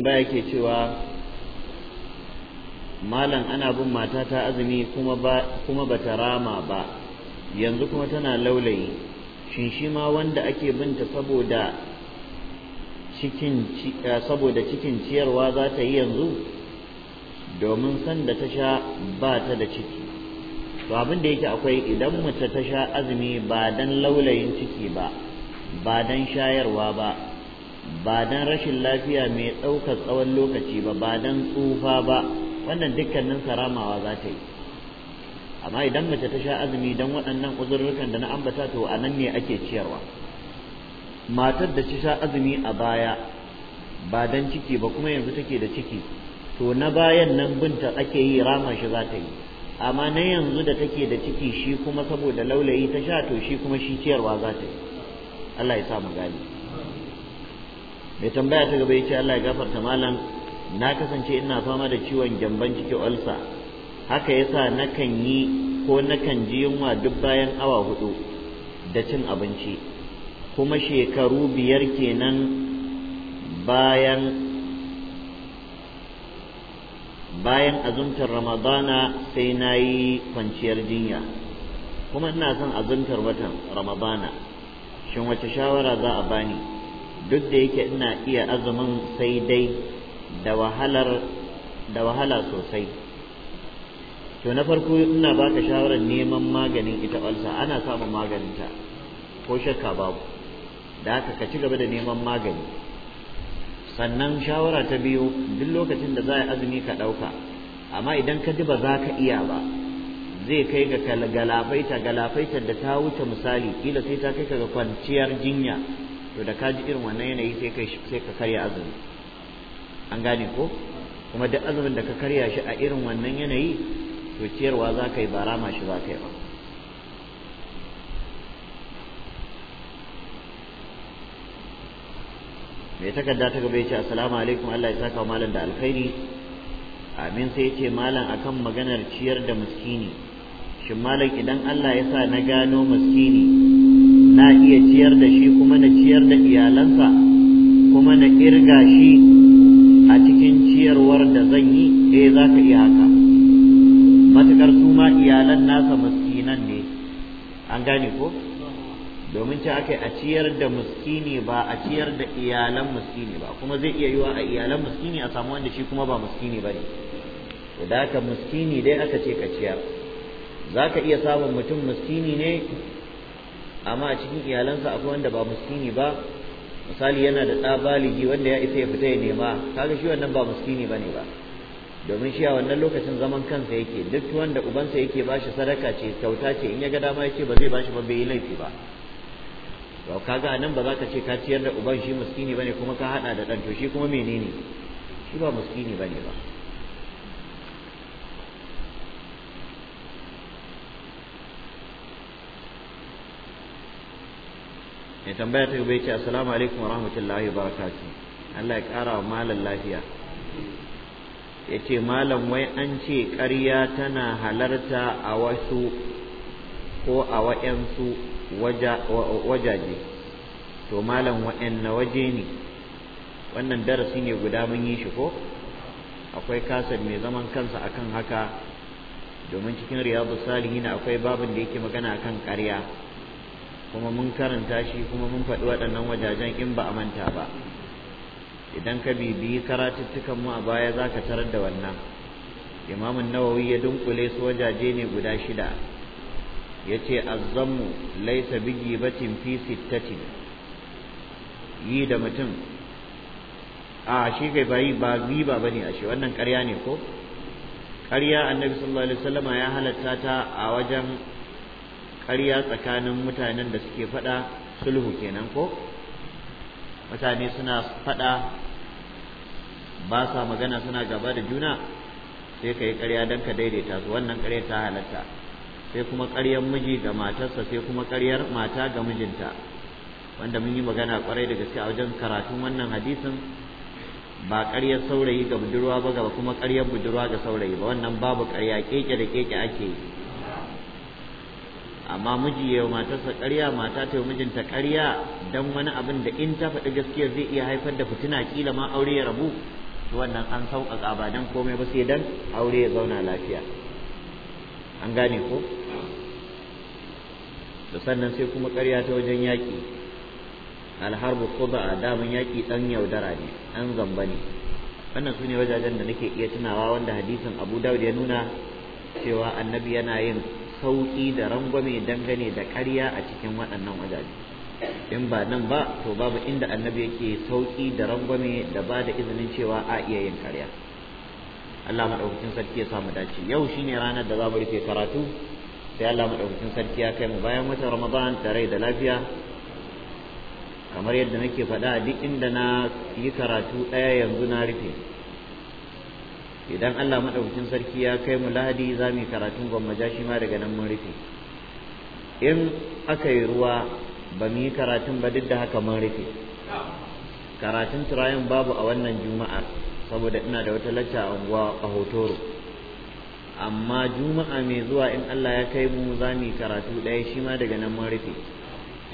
ba yake cewa malam ana bin mata ta azumi kuma ba kuma bata rama ba yanzu kuma tana laulayi shin shi ma wanda ake binta saboda cikin eh, saboda cikin ciyarwa za ta yi yanzu domin san da ta sha ba ta da ciki to abin da yake akwai idan mace ta sha azumi ba dan laulayin ciki ba ba dan shayarwa ba ba dan rashin lafiya mai ɗaukar tsawon lokaci ba ba dan tsufa ba wannan dukkanin karamawa za ta yi amma idan mace ta sha azumi dan waɗannan uzurrukan da na ambata to a nan ne ake ciyarwa matar da ta sha azumi a baya ba dan ciki ba kuma yanzu take da ciki to na bayan nan binta ake yi rama shi za ta yi amma na yanzu da take da ciki shi kuma saboda laulayi ta sha to shi kuma shi ciyarwa za ta yi Allah ya sa mu gani mai tambaya ta gaba yace Allah ya gafarta malam na kasance ina fama da ciwon gyamban ciki ulsa haka yasa nakan yi ko nakan ji yunwa duk bayan awa hudu da cin abinci kuma shekaru biyar kenan bayan bayan azumtar ramadana sai na yi kwanciyar jinya kuma ina son azumtar watan ramadana shin wace shawara za a bani duk da yake ina iya azumin sai dai da wahalar da wahala sosai to na farko ina baka shawarar neman maganin ita ulsa ana samun maganinta ko shakka babu da haka ka ci gaba da neman magani sannan shawara ta biyu duk lokacin da za a azumi ka ɗauka amma idan ka ji ba za ka iya ba zai kai ga galafaita galafaitar da ta wuce misali kila sai ta kai ka ga kwanciyar jinya to da ka ji irin wannan yanayi sai ka karya azumi an gane ko kuma duk azumin da ka karya shi a irin wannan yanayi to ciyarwa za ka yi bara rama shi za ka yi ba mai takarda ta gaba ya ce assalamu alaikum Allah ya saka malam da alkhairi amin sai ya ce malam akan maganar ciyar da miskini shin malam idan Allah ya sa na gano miskini na iya ciyar da shi kuma na ciyar da iyalansa kuma na kirga shi a cikin ciyarwar da zan yi eh za ka iya haka Matuƙar su ma iyalan nasa miskinan ne an gane ko domin ta aka a ciyar da muskini ba a ciyar da iyalan muskini ba kuma zai iya yiwa a iyalan muskini a samu wanda shi kuma ba muskini ba ne da haka muskini dai aka ce ka ciyar za ka iya samun mutum muskini ne amma a cikin iyalansa akwai wanda ba muskini ba misali yana da ɗa wanda ya isa ya fita ya nema kaga shi wannan ba muskini ba ne ba domin shi a wannan lokacin zaman kansa yake duk wanda ubansa yake ba shi sadaka ce kyauta ce in ya ga dama ce ba zai shi ba bai yi laifi ba to kaga nan ba za ka ce ka ciyar da uban shi muskini ba ne kuma ka haɗa da dan to shi kuma menene shi ba muskini ba ne ba ya tambaya ta bai ce assalamu alaikum wa rahmatullahi wa Allah ya kara wa malam lafiya ya ce malam wai an ce ƙarya tana halarta a wasu ko a wa'yansu wajaje to malam na waje ne wannan darasi ne guda mun yi shi ko akwai kasar mai zaman kansa akan haka domin cikin riyadu salihin akwai babin da yake magana akan karya. kuma mun karanta shi kuma mun faɗi waɗannan wajajen in ba a manta ba idan ka bibiyi karatuttukan mu a baya za ka tarar da wannan imamun nawawi ya dunkule su wajaje ne guda shida ya ce azzammu laisa bigi batin fi sittati yi da mutum a shi kai bayi ba bi ba ne a shi wannan ƙarya ne ko ƙarya annabi sallallahu alaihi wasallama ya halatta ta a wajen ƙarya tsakanin mutanen da suke faɗa sulhu kenan ko mutane suna faɗa ba sa magana suna gaba da juna sai ka yi ƙarya don ka daidaita su wannan ƙarya ta halatta sai kuma ƙaryar miji ga matarsa sai kuma ƙaryar mata ga mijinta wanda mun yi magana kwarai da gaske a wajen karatun wannan hadisin ba ƙaryar saurayi ga budurwa ba ga kuma ƙaryar budurwa ga saurayi ba wannan babu ƙarya keke da keke ake yi amma miji ya yi matarsa ƙarya mata ta yi mijinta ƙarya don wani abin da in ta faɗi gaskiyar zai iya haifar da fitina kila ma aure ya rabu to wannan an sauƙaƙa ba don komai ba sai don aure ya zauna lafiya an gane ko da sannan sai kuma ƙarya ta wajen yaƙi alharbu ba a damun yaƙi ɗan yaudara ne ɗan zamba ne wannan su ne wajajen da nake iya tunawa wanda hadisin abu dawud ya nuna cewa annabi yana yin sauƙi da rangwame dangane da ƙarya a cikin waɗannan wajaje in ba nan ba to babu inda annabi yake sauki da rangwame da ba da izinin cewa a iya yin ƙarya Allah madaukakin sarki ya samu dace yau shine ranar da za mu rufe karatu sai Allah madaukakin sarki ya kai mu bayan watan Ramadan da rai da lafiya kamar yadda nake faɗa duk inda na yi karatu ɗaya yanzu na rufe idan Allah madaukakin sarki ya kai mu lahadi za mu yi karatun gwammaja shi ma daga nan mun rufe in aka yi ruwa ba mu yi karatun ba duk da haka mun rufe karatun turayen babu a wannan juma'a saboda ina da wata lacca a unguwa a hotoro amma juma'a mai zuwa in Allah ya kai mu za mu yi karatu ɗaya shi ma daga nan mun rufe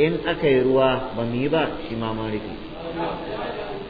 in aka yi ruwa ba mu yi ba shi ma mun rufe